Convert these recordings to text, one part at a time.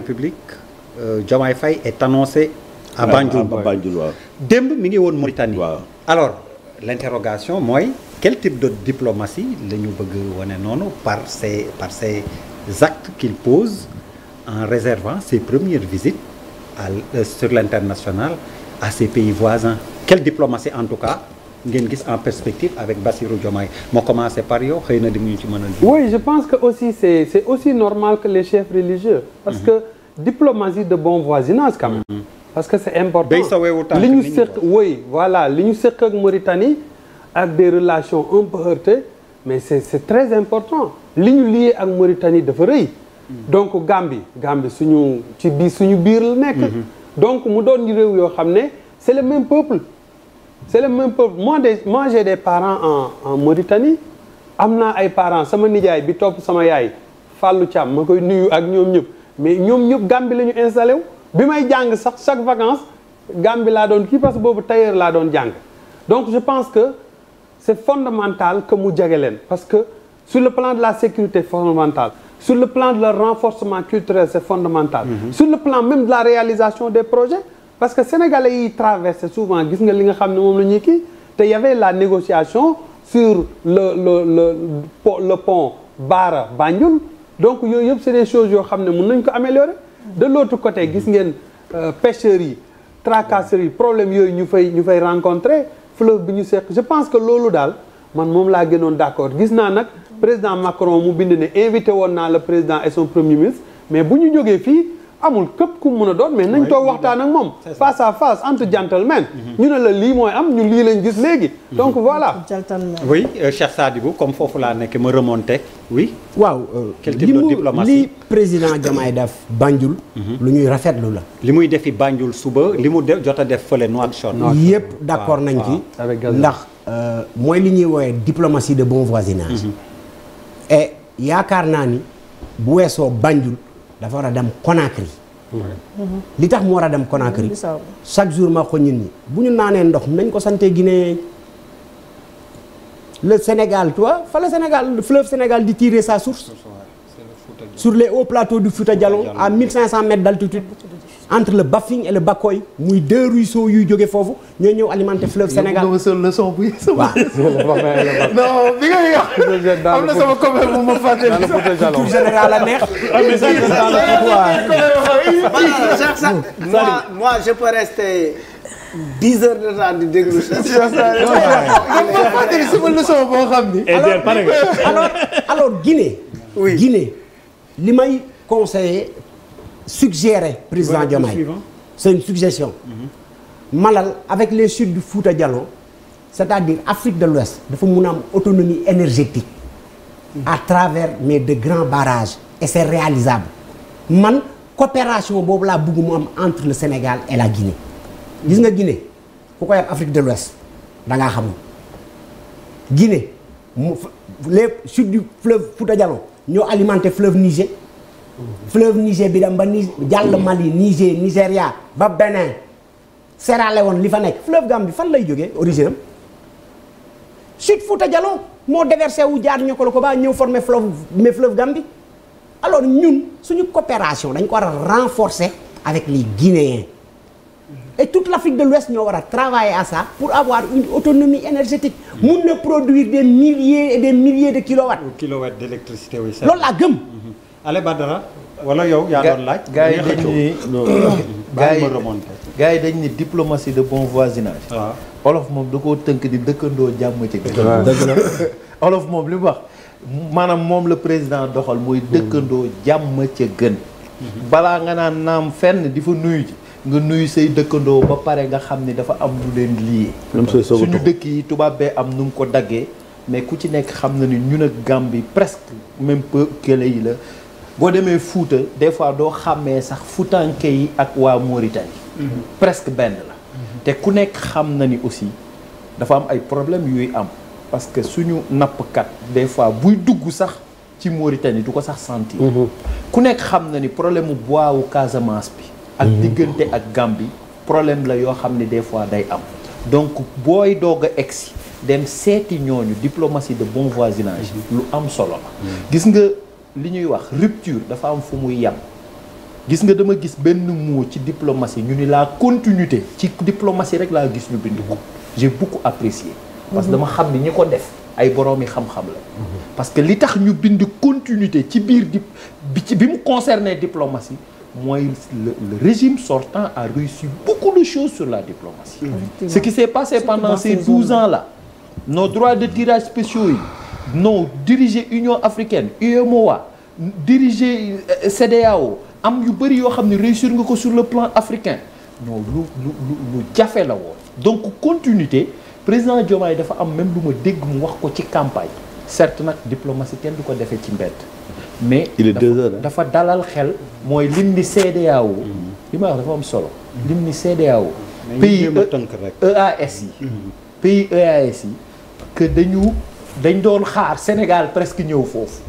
République euh, Diomaye Faye est annoncé à Banjul démb mi ngi woon Mauritanie alors l'interrogation mooy quel type de diplomatie la bëgg wane noonu par ces par ces actes qu'il pose en réservant ses premières visites à euh, sur l'international à ses pays voisins quelle diplomatie en tout cas ngeen gis en perspective avec Bassirou Diomaye moo commencé par yow xëy na di ñu ci mën a. oui je pense que aussi c' est c' est aussi normal que les chefs religieux. parce mm-hmm. que diplomatie de bon voisinage quand même. Mm parce que c' important li ñu seq oui voilà li ñu seq ak Mauritanie ak des relations un peu mais c' est très important li ñu lié ak Mauritanie dafa rëy. Mm-hmm. donc Gambie Gambie suñu ci biir suñu biir la nekk. donc mu doon réew yoo xam ne c' le même peuple. c'est le même peuple moi des moi j'ai des parents en en Mauritanie am naa ay parents sama nijaay bi topp sama yaay Fallou Thiam ma koy nuyu ak ñoom ñëpp mais ñoom ñëpp Gambie la ñu installé wu bi may jàng sax chaque vacances Gambie laa doon kii parce que boobu tailleur laa doon jàng donc je pense que c'est fondamental que mu jege leen parce que sur le plan de la sécurité fondamentale sur le plan de le renforcement culturel c'est fondamental mm -hmm. sur le plan même de la réalisation des projets parce que sénégalais yi traversé souvent gis nga li nga xam ne moom la ñuy kii te y la négociation sur le le le le, le pont Bara Banjul donc yooyu yëpp c'est des choses yoo xam ne mun nañ ko améliorer de l'autre côté gis ngeen euh, pêcheurs yi tracasseries yi problème yooyu ñu fay ñu fay rencontrer fleuve bi ñu seet je pense que loolu daal man moom laa gënoon d'accord gis naa nag président Macron mu bind ne invité woon naa la président et son premier ministre mais bu ñu jógee fii amul képp ku mun a doon mais nañ toog waxtaan ak moom face a face entre gentlemen mhm. ñu ne la lii mooy am ñu lii lañ gis léegi mhm. donc voilà oui euh, Cheikh Sadibou comme foofu nekk ma remonté oui waaw euh, li type de diplomatie li président Diomaye def bànjul mhm. lu ñuy rafetlu la li muy defi bànjul suba li mu jot a def fële Nouakchott yëpp d'accord nañ ci ndax euh, mooy li ñuy woowee diplomatie de bon voisinage et yaakaar naa ni bu weesoo Banjul dafa war a dem Conakry. Mhm. li tax mu war a dem Conakry. chaque jour ma ko ñun ñi bu ñu naanee ndox nañ ko sante Guinée. le Sénégal toi fa la Sénégal le fleuve Sénégal di tiire sa source. sur les hauts plateaux du Fouta Djallon à 1500 mètres d'altitude. entre le Baffing et le Bakoy muy deux ruisseaux yuy jóge foofu ñoo ñëw alimenter fleuve Sénégal. yow nga leçon bu sama. non bi ngay wax. am na sama copain bu ma fàtte. tout général la neex. moi moi je peux rester. dix heures de temps di déglu. sama leçon boo xam ni. Eh alors alors Guinée. oui Guinée li may conseiller suggéré président Diomaye c'est une suggestion mhm. Malal avec les chutes du Fouta Diallo c'est-à-dire Afrique de l'Ouest dafa mun a am autonomie énergétique mhm. à travers mais de grands barrages et c'est réalisable man coopération boobu laa bëgg am entre le Sénégal et la Guinée gis nga Guinée ku koy ab Afrique de l'Ouest da ngaa xamul Guinée mu les sud du fleuve Fouta Diallo ñoo alimenté fleuve Niger fleuve Niger bi dam ba ni jàll Mali Niger Nigéria ba Benin Sierra woon li fa nekk fleuve Gambie fan lay jógee origine am Sud Fouta Djallon moo déversé wu jaar ñoo ko la ko ba ñëw former fleuve mais fleuve Gambie alors ñun suñu coopération dañ ko war a renforcer avec les Guinéens tout toute l'Afrique de l'Ouest ñoo war a travailler à ça pour avoir une autonomie énergétique mun na produire des milliers et des milliers de kilowatts kilowatts d'électricité loolu laa gëm mhm. Ale wala yow yaa doon laaj. gaa yi dañ ni gaa yi yi dañ ni diplomatie de bon voisinage. waaw ah. olof moom da koo tënk di dëkkandoo jàmm ci dëgg la olof moom li wax maanaam moom la président doxal mooy mm. dëkkandoo jàmm ca gën. balaa nga naan naam fenn di fa nuyu ci nga nuyu say dëkkandoo ba pare nga xam ni dafa am lu leen lii. suñu dëkk yi tubaab bee am nu mu ko daggee. mais ku ci nekk xam na ni ñun ak Gambie presque même peu kële yi la. boo demee Fuuta des fois doo xàmmee sax fu futanke yi ak waa Mauritanie mhm. presque benn la mhm. te ku nekk xam na ni aussi dafa am ay problème yuy am parce que suñu nappkat des fois buy dugg sax ci Mauritanie du ko sax sentir mhm. ku nekk xam na ni problème mu bois wu Casamance bi ak diggante ak Gambie problème la yoo xam ne des fois day am donc booy doog a egsi dem seeti ñooñu diplomatie de bon voisinage lu am solo la li ñuy wax rupture dafa am fu muy yem gis nga dama gis benn mot ci diplomatie ñu ni la continuité ci diplomatie rek laa gis ñu bind ko j'ai beaucoup apprécié parce que mhm. dama xam ni ñi ko def ay boroomi xam-xam la parce que li tax ñu bind continuité ci biir di bi ci bi mu concerné diplomatie mooy le, le régime sortant a réussi beaucoup de choses sur la diplomatie ce qui s'est passé pendant ces douze ans là nos droits de tirage spéciaux yi non diriger Union africaine UEMOA diriger euh, CEDEAO am yu bëri yoo xam ne réussir nga ko sur le plan africain non lu jafe la woon. donc continuité président Diomaye dafa am même lu ma dégg mu wax ko ci campagne certes nag diplomatie kenn du ko defee ci mbedd. mais dafa dalal xel mooy lim ni CEDEAO mm-hmm. li ma wax dafa am solo lim ni CEDEAO pays EAS e yi mm-hmm. pays EAS yi que dañu dañ doon xaar Sénégal presque ñëw foofu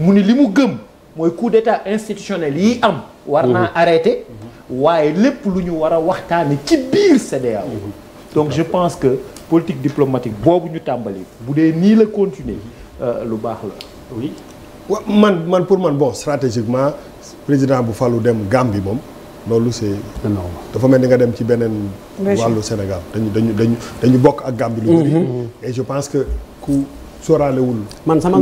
mu ni li mu gëm mooy coup d'état institutionnel yi am war naa mhm. arrêté waaye lépp lu ñu war a waxtaane ci biir CEDEAO mhm. donc je pense que politique diplomatique boobu ñu tàmbali bu dee nii la continuer euh, lu baax la oui waaw man pour man bon stratégiquement président bu falu dem Gambie moom loolu c'est dafa mel ni nga dem ci beneen wàllu Sénégal dañu dañu dañu dañu bokk ak Gambie lu bëri mhm. et je pense que ku sóoraalewul man sama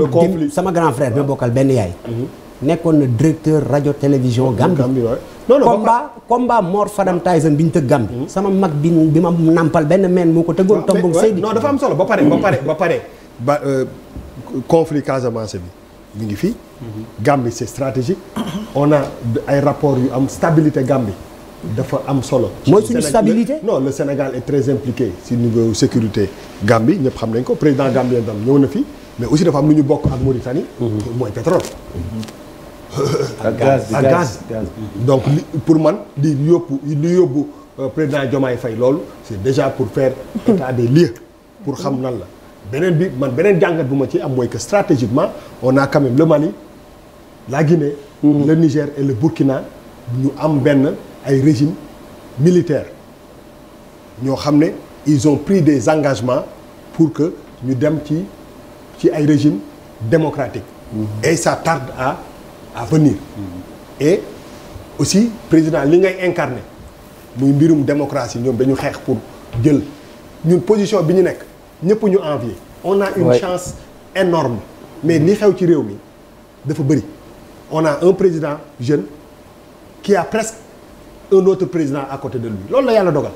sama grand frère bi ah. bokkal benn yaay. Mhm. nekkoon na directeur rajo télévision oh, Gambie. Gambie waay non non combat combat Mor Fadam Tyson bi ñu tëgg Gambie. Mhm. sama mag bi bi ma nampal benn meen moo ko tëggoon. Ah, tombog Seydi noo dafa am solo ba pare ba pare ba pare. ba euh, conflit Casamance bi mi ngi fii. Mhm. Gambie c'est stratégique. on a ay rapports yu am stabilité Gambie. dafa am solo. mooy suñu stabilité non le Sénégal est très impliqué si niveau sécurité Gambie ñëpp xam nañ ko président Gambien dam ñëw na fi mais aussi dafa am lu ñu bokk ak Mauritanie. Mhm. mooy pétrole. ak gaz ak gaz donc li pour man li yóbbu li yóbbu euh, président Diomaye fay loolu c'est déjà pour faire état des pour xam nan la beneen bi man beneen jàngat bu ma ci am mooy que stratégiquement on a quand même le Mali la Guinée. Mhm. le Niger et le Burkina ñu am benn. ay régime militaire ñoo xam ne ils ont pris des engagements pour que ñu dem ci ci ay régime démocratique mm-hmm. et ça tarde à à venir mm-hmm. et aussi président li ngay incarné muy mbirum démocratie ñoom dañu xeex pour jël ñun position bi ñu nekk ñëpp ñu envier on a une chance énorme mais li xew ci réew mi dafa bëri on a un président jeune qui a presque un autre président à côté de lui loolu la yàlla dogal.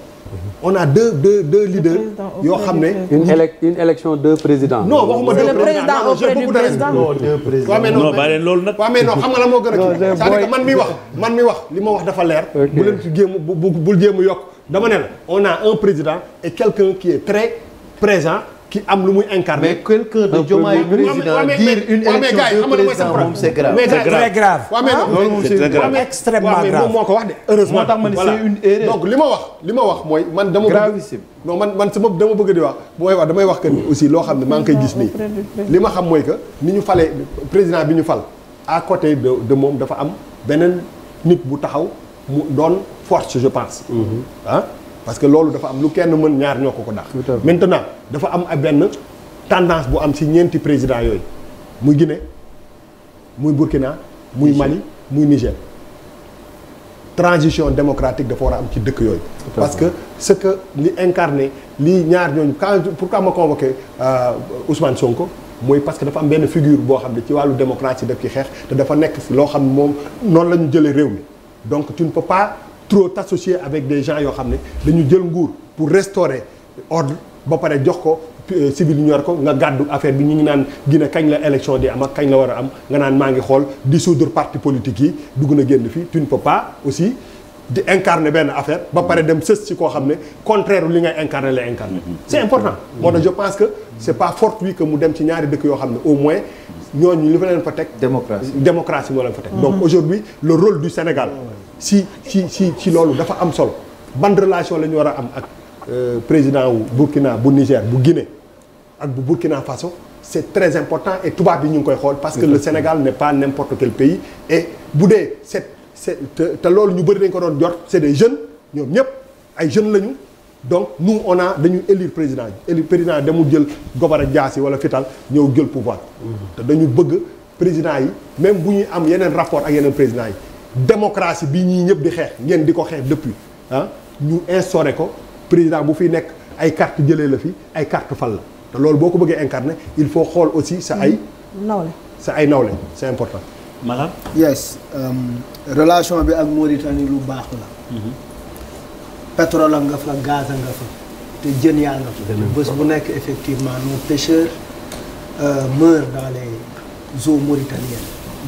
on a deux deux leaders. yoo xam ne. une élec une élection deux présidents. non waxuma deux présidents non j' ai de raisons. non deux présidents non bàyyi loolu nag. waaw mais non xam nga la moo gën a. c'est-à-dire que man mi wax man mi wax li ma wax dafa leer. bu leen ci jéem bu bu bul jéem yokk. dama ne la on a un président et quelqu'un qui est très présent. ki am lu muy incarné. mais quelqu'un de Diomaye président dire une élection de président ah, moom moo ko wax de. heureusement donc li ma wax li ma wax mooy man dama. gravissime non man man sama dama bëgg di wax bu may wax damay wax que ni loo xam ne maa ngi koy gis nii. li ma xam mooy que ni ñu falee président bi ñu fal à côté de moom dafa am beneen nit bu taxaw mu doon force je pense. Mhm. Ah? parce que loolu dafa am lu kenn mën ñaar ñoo ko ko dàq maintenant dafa am benn tendance bu am si ñeenti président yooyu muy Guinée muy Burkina muy Mali muy Niger transition démocratique dafa war a am ci dëkk yooyu parce que ce que li incarné lii ñaar ñooñu quand pourquoi ma convoqué euh, Ousmane Sonko mooy parce que dafa am benn figure boo xam ne ci wàllu démocratie daf ci xeex te dafa nekk loo xam ne moom noonu la ñu jëlee réew mi donc tu ne trop t'associer avec des gens yoo xam ne dañu jël nguur pour restaurer ordre ba pare jox ko euh, civil ñor ko nga gàddu affaire bi ñu ngi naan gina kañ la élection di am ak kañ la war a am nga naan maa ngi xool dissoudre parti politique yi dugg na génn fii tu ne peux pas aussi di incarner benn affaire ba pare dem sës ci koo xam ne contraire li ngay incarner la incarner. Mm-hmm. c'est mm-hmm. important. Mm-hmm. moo tax je pense que c'est pas fortuit que mu dem ci ñaari dëkk yoo xam ne au moins ñooñu li fa leen fa teg. démocratie démocratie moo leen fa teg. donc aujourd'hui le rôle Sénégal. si si si ci loolu dafa am solo ban relation la ñu war a am ak euh, président wu Burkina bu Niger bu Guinée ak bu Burkina Faso c'est très important et tubaab bi ñu ngi koy xool parce que le Sénégal n'est pas n'importe quel pays et bu dee c'est c'est te loolu ñu bëri dañ ko doon jot c'est des jeunes ñoom ñëpp ay jeunes lañu donc nu on a dañu élire président élire président demul jël a jaasi wala fital ñëw jël pouvoir mmh. te dañu bëgg président yi même bu ñuy am yeneen rapport ak yeneen président yi démocratie bi ñii ñëpp di xeex ngeen di ko xeex dëpp ah ñu instauré ko président bu fi nekk ay carte jële la fi ay carte fal la te loolu boo ko bëggee incarner il faut xool aussi sa ay. Mm, nawle sa ay nawle c'est important. Malal. yes um, relation bi ak Mauritanie lu baax la. Mhm. pétrole nga fa gaz nga fa te jën yaa nga fa. bés bu nekk effectivement nos pêcheurs euh, meurent dans les eaux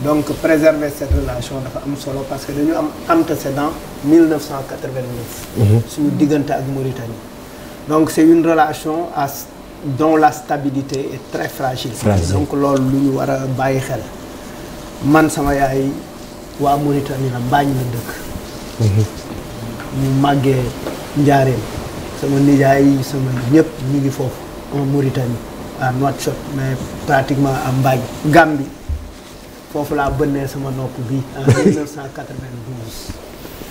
donc préserver cette relation dafa am solo parce que dañu am antécédent 1989. suñu diggante ak Mauritanie. donc c' est une relation à dont la stabilité et très fragile. fragile. donc loolu lu ñu war a bàyyi xel. man sama yaay waa Mauritanie la mbaañ la dëkk. Mhm. ñu màggee njaareem sama nijaay sama ñëpp ñu ngi foofu en Mauritanie à Nouakchott mais pratiquement à Mbaye Gambie. foofu laa bënnee sama nopp bi en 1992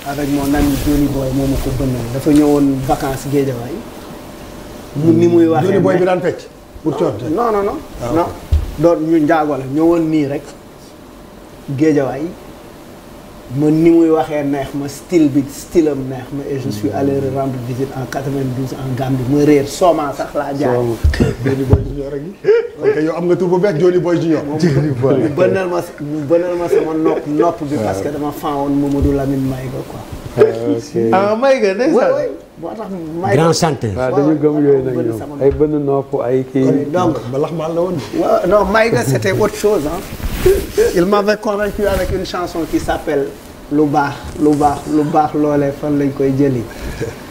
avec mon ami Johnny Boy moo ma ko bënnee dafa ñëwoon vacances Guédiawaye mu ni muy waxee Johnny Boy bi daan fecc pour coot non non non non ah, doon ñu njaago la ñëwoon nii rek Guédiawaye ma ni muy waxee neex ma style bi style am neex ma et je suis mm. allé rendre visite en 92 en Gambie ma réer Soma sax laa jaar. Johnny Boy Junior rek am nga tur bu bees Johnny Boy Junior. Johnny Boy mu bënal ma mu bënal ma sama nopp nopp bi parce que dama fan woon Mamadou Lamine Maïga quoi. ok ah Maïga ne sax. moo tax Maïga grand chanteur. dañu gëm yooyu nag ñoom ay bënn nopp ay kii. donc balax maa la woon. waaw non Maïga c'était autre chose ah. il m'avait convaincu avec une chanson qui s'appelle lu baax lu baax lu baax loolee fan lañ koy jëli.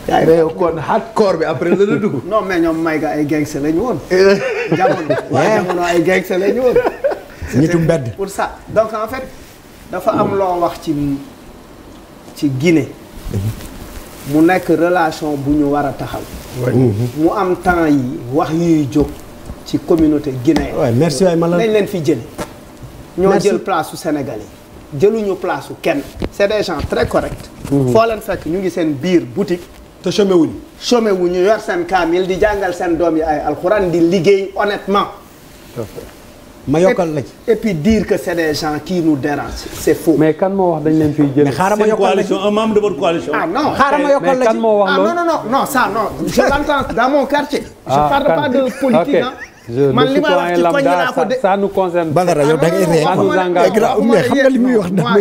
yaa ngi kon hardcore bi après la dugg. non mais ñoom may nga ay gangster lañu woon. Eh. jamono eh. waaye jamono ay gangster lañu woon. nitu mbedd pour sax donc en fait dafa am loo wax ci ci Guinée. mu nekk relation bu ñu war a taxaw. mu am temps yi wax yuy jóg ci communauté guinéenne. waaw merci waay ma la nañ leen fi jëli ñoo jël place su Sénégalais yi jëluñu place su kenn. c'est des gens très corrects. Mhm. foo leen fekk ñu ngi seen biir boutique. te chômé wuñu. chômé wuñu yor seen kaamil di jàngal seen doom yi ay alxuraan di liggéey honnêtement. ma yokkal la ci. et puis dire que c'est des gens qui nous c'est faux. mais kan moo wax dañ leen fiy jël. mais xaaral ma yokkal la ci membre de votre coalition. ah non xaaral ma yokkal la ci ah non non non non ça non je quartier. je ah, parle pas de politique ah man li ma wax ci koñ naa ko de ça nous concerne. Badara yow da ngay ree mais xam nga li muy wax ndax.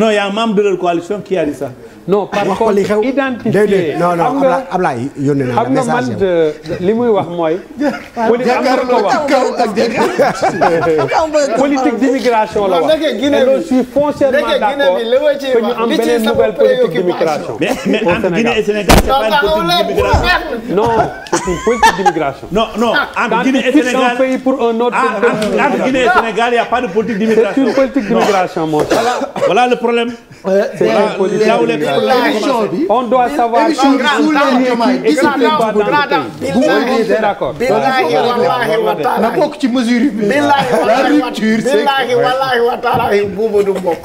non y' a de leur coalition qui a dit ça. non par contre identifié non non Ablaye yónnee naa la message xam nga man li muy wax mooy. politique d'immigration la wax. je suis foncièrement d'accord que ñu am beneen nouvelle politique d'immigration. mais mais entre Guinée et Sénégal c'est pas une politique d'immigration. non c'est une politique d'immigration. non non entre Guinée et Sénégal un pays pour un autre. Ah, entre Guinée et Sénégal il y a pas de politique d'immigration. c'est une politique d'immigration mon cher. voilà le problème. bi euh, on doit savoir na bokk ci mesure yi. la rupture c'est billahi wallahi buubu du mbokk.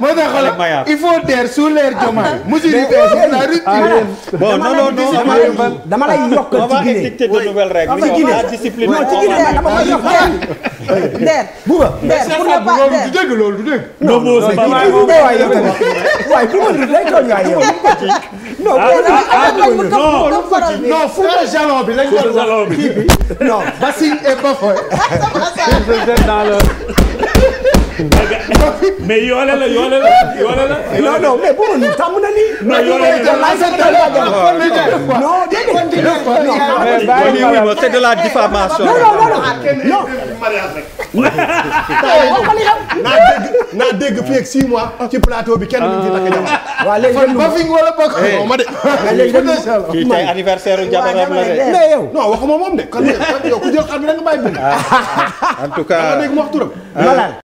moo tax il faut der sous l'air Diomaye. mesure yi bees la rupture. bon non non non dama lay yokk ci Guinée. waaw ci Guinée ci Guinée dama koy yokk der. der pour ne pas der loolu du dëgg loolu du dëgg. waay waay yow tamit waay du ma lay tooñ waay yow. non non fu la jalon bi lañ doon wax kii bi non Bassine et Bafoy. mais yoole la yoole la yoole la. non non mais bon tàmm na nii. non yoole la non non c'est de la diffamation. non non non. naa dégg naa dégg fii ak 6 mois ci plateau bi kenn duñ fi takk jabar. Ah. waaw léegi dem ba fi nga wala bokk. Eh. ma de. Ah, léegi dem kii tey anniversaire u jabaram la de. mais yow non waxuma moom de. kon yow ku jël xar ah. dégg mu turam.